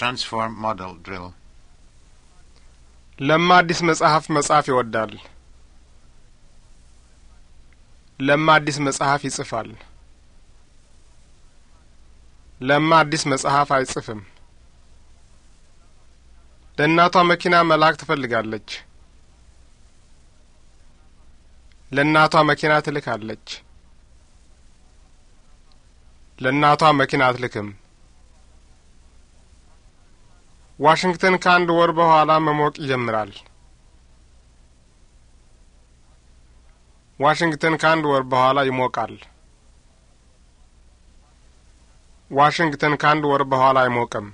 Transform Model Drill ለማ አዲስ መጽሐፍ መጽሐፍ ይወዳል። ለማ አዲስ መጽሐፍ ይጽፋል። ለማ አዲስ መጽሐፍ አይጽፍም። ለእናቷ መኪና መላክ ትፈልጋለች። ለእናቷ መኪና ትልካለች። ለእናቷ መኪና አትልክም። ዋሽንግተን ከአንድ ወር በኋላ መሞቅ ይጀምራል። ዋሽንግተን ከአንድ ወር በኋላ ይሞቃል። ዋሽንግተን ከአንድ ወር በኋላ አይሞቅም።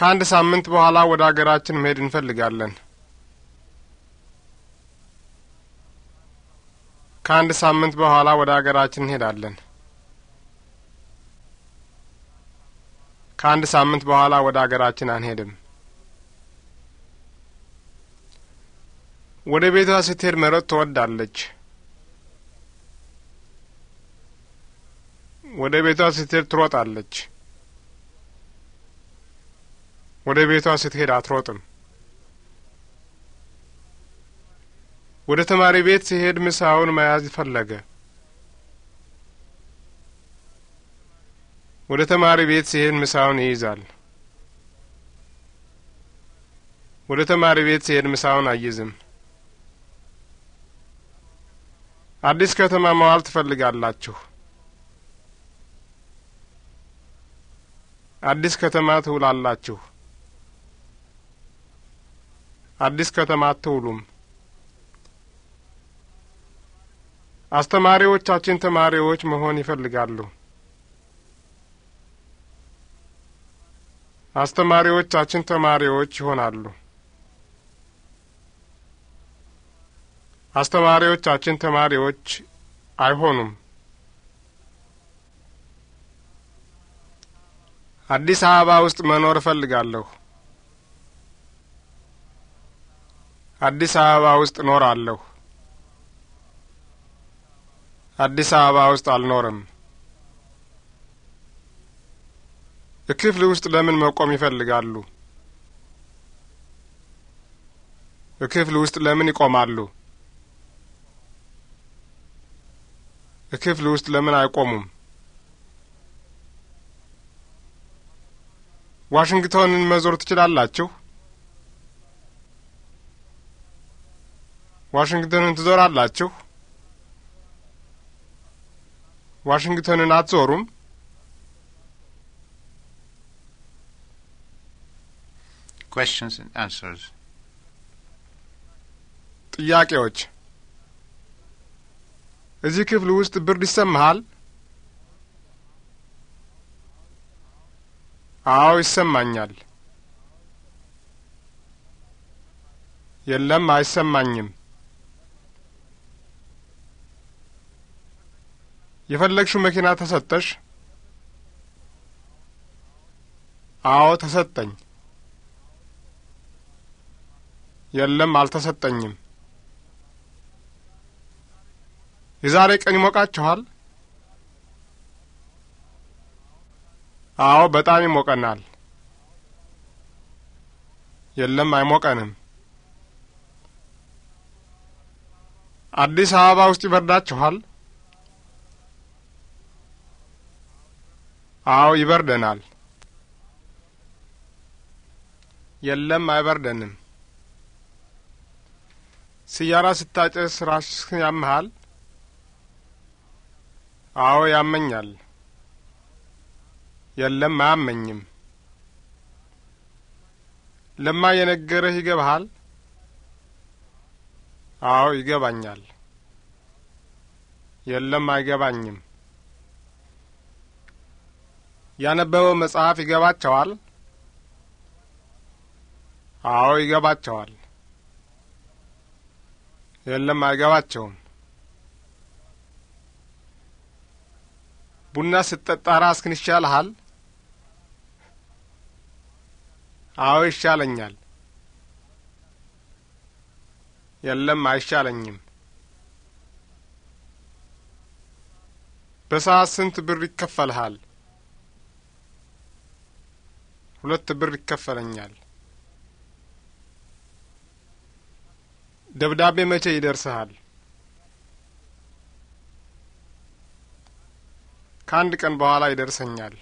ከአንድ ሳምንት በኋላ ወደ አገራችን መሄድ እንፈልጋለን። ከአንድ ሳምንት በኋላ ወደ አገራችን እንሄዳለን። ከአንድ ሳምንት በኋላ ወደ አገራችን አንሄድም። ወደ ቤቷ ስትሄድ መሮጥ ትወዳለች። ወደ ቤቷ ስትሄድ ትሮጣለች። ወደ ቤቷ ስትሄድ አትሮጥም። ወደ ተማሪ ቤት ሲሄድ ምሳውን መያዝ ፈለገ። ወደ ተማሪ ቤት ሲሄድ ምሳውን ይይዛል። ወደ ተማሪ ቤት ሲሄድ ምሳውን አይዝም። አዲስ ከተማ መዋል ትፈልጋላችሁ። አዲስ ከተማ ትውላላችሁ። አዲስ ከተማ አትውሉም። አስተማሪዎቻችን ተማሪዎች መሆን ይፈልጋሉ። አስተማሪዎቻችን ተማሪዎች ይሆናሉ። አስተማሪዎቻችን ተማሪዎች አይሆኑም። አዲስ አበባ ውስጥ መኖር እፈልጋለሁ። አዲስ አበባ ውስጥ እኖራለሁ። አዲስ አበባ ውስጥ አልኖርም። ክፍል ውስጥ ለምን መቆም ይፈልጋሉ? ክፍል ውስጥ ለምን ይቆማሉ? ክፍል ውስጥ ለምን አይቆሙም? ዋሽንግቶንን መዞር ትችላላችሁ? ዋሽንግተንን ትዞራላችሁ? ዋሽንግተንን አትዞሩም? questions and answers ጥያቄዎች እዚህ ክፍል ውስጥ ብርድ ይሰማሃል? አዎ ይሰማኛል። የለም አይሰማኝም። የፈለግሽው መኪና ተሰጠሽ? አዎ ተሰጠኝ። የለም፣ አልተሰጠኝም። የዛሬ ቀን ይሞቃችኋል? አዎ፣ በጣም ይሞቀናል። የለም፣ አይሞቀንም። አዲስ አበባ ውስጥ ይበርዳችኋል? አዎ፣ ይበርደናል። የለም፣ አይበርደንም። ስያራ ስታጨስ ራስህ ያመሃል? አዎ ያመኛል። የለም አያመኝም። ለማ የነገረህ ይገባሃል? አዎ ይገባኛል። የለም አይገባኝም። ያነበበው መጽሐፍ ይገባቸዋል? አዎ ይገባቸዋል። የለም፣ አይገባቸውም። ቡና ስትጠጣ ራስህን ይሻልሃል? አዎ ይሻለኛል። የለም፣ አይሻለኝም። በሰዓት ስንት ብር ይከፈልሃል? ሁለት ብር ይከፈለኛል። ደብዳቤ መቼ ይደርስሃል? ከአንድ ቀን በኋላ ይደርሰኛል።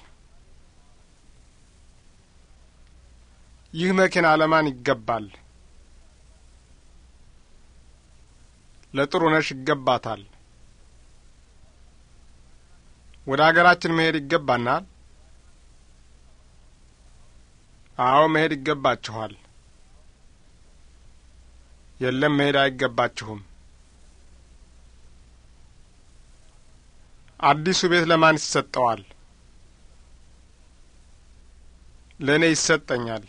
ይህ መኪና ለማን ይገባል? ለጥሩ ነሽ ይገባታል። ወደ አገራችን መሄድ ይገባናል። አዎ መሄድ ይገባችኋል። የለም መሄድ አይገባችሁም። አዲሱ ቤት ለማን ይሰጠዋል? ለእኔ ይሰጠኛል።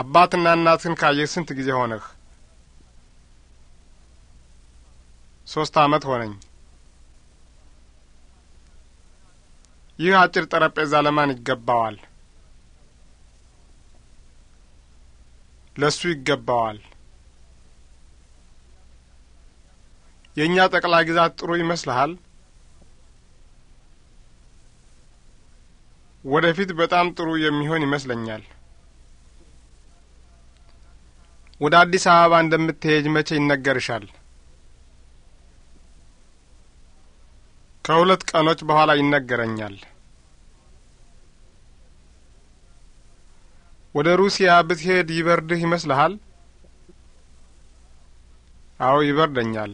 አባትና እናትን ካየህ ስንት ጊዜ ሆነህ? ሶስት አመት ሆነኝ። ይህ አጭር ጠረጴዛ ለማን ይገባዋል? ለሱ ይገባዋል። የእኛ ጠቅላይ ግዛት ጥሩ ይመስልሃል? ወደፊት በጣም ጥሩ የሚሆን ይመስለኛል። ወደ አዲስ አበባ እንደምትሄጅ መቼ ይነገርሻል? ከሁለት ቀኖች በኋላ ይነገረኛል። ወደ ሩሲያ ብትሄድ ይበርድህ ይመስልሃል? አዎ ይበርደኛል።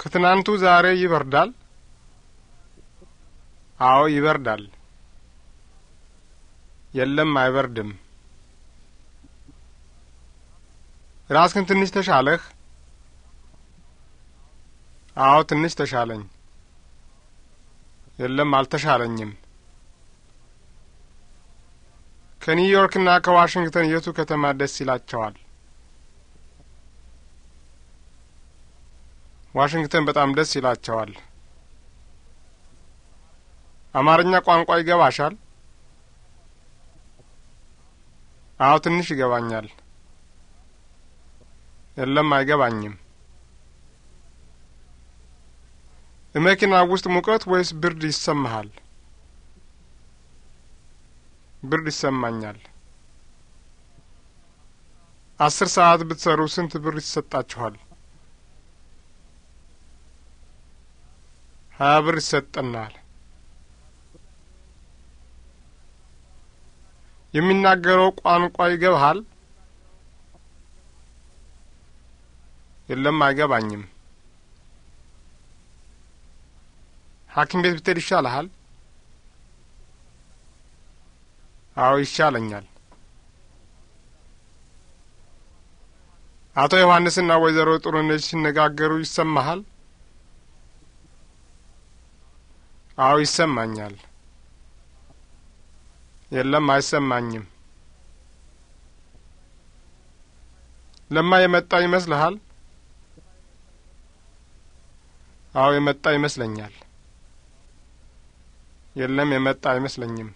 ከትናንቱ ዛሬ ይበርዳል? አዎ ይበርዳል። የለም አይበርድም። ራስክን ትንሽ ተሻለህ? አዎ ትንሽ ተሻለኝ። የለም አልተሻለኝም። ከኒውዮርክና ከዋሽንግተን የቱ ከተማ ደስ ይላቸዋል? ዋሽንግተን በጣም ደስ ይላቸዋል። አማርኛ ቋንቋ ይገባሻል? አዎ፣ ትንሽ ይገባኛል። የለም፣ አይገባኝም። መኪና ውስጥ ሙቀት ወይስ ብርድ ይሰማሃል? ብርድ ይሰማኛል። አስር ሰዓት ብትሰሩ ስንት ብር ይሰጣችኋል? ሀያ ብር ይሰጠናል። የሚናገረው ቋንቋ ይገባሃል? የለም፣ አይገባኝም። ሐኪም ቤት ብትሄድ ይሻልሃል። አዎ ይሻለኛል። አቶ ዮሐንስና ወይዘሮ ጥሩነሽ ሲነጋገሩ ይሰማሃል? አዎ ይሰማኛል። የለም አይሰማኝም። ለማ የመጣ ይመስልሃል? አዎ የመጣ ይመስለኛል። የለም የመጣ አይመስለኝም።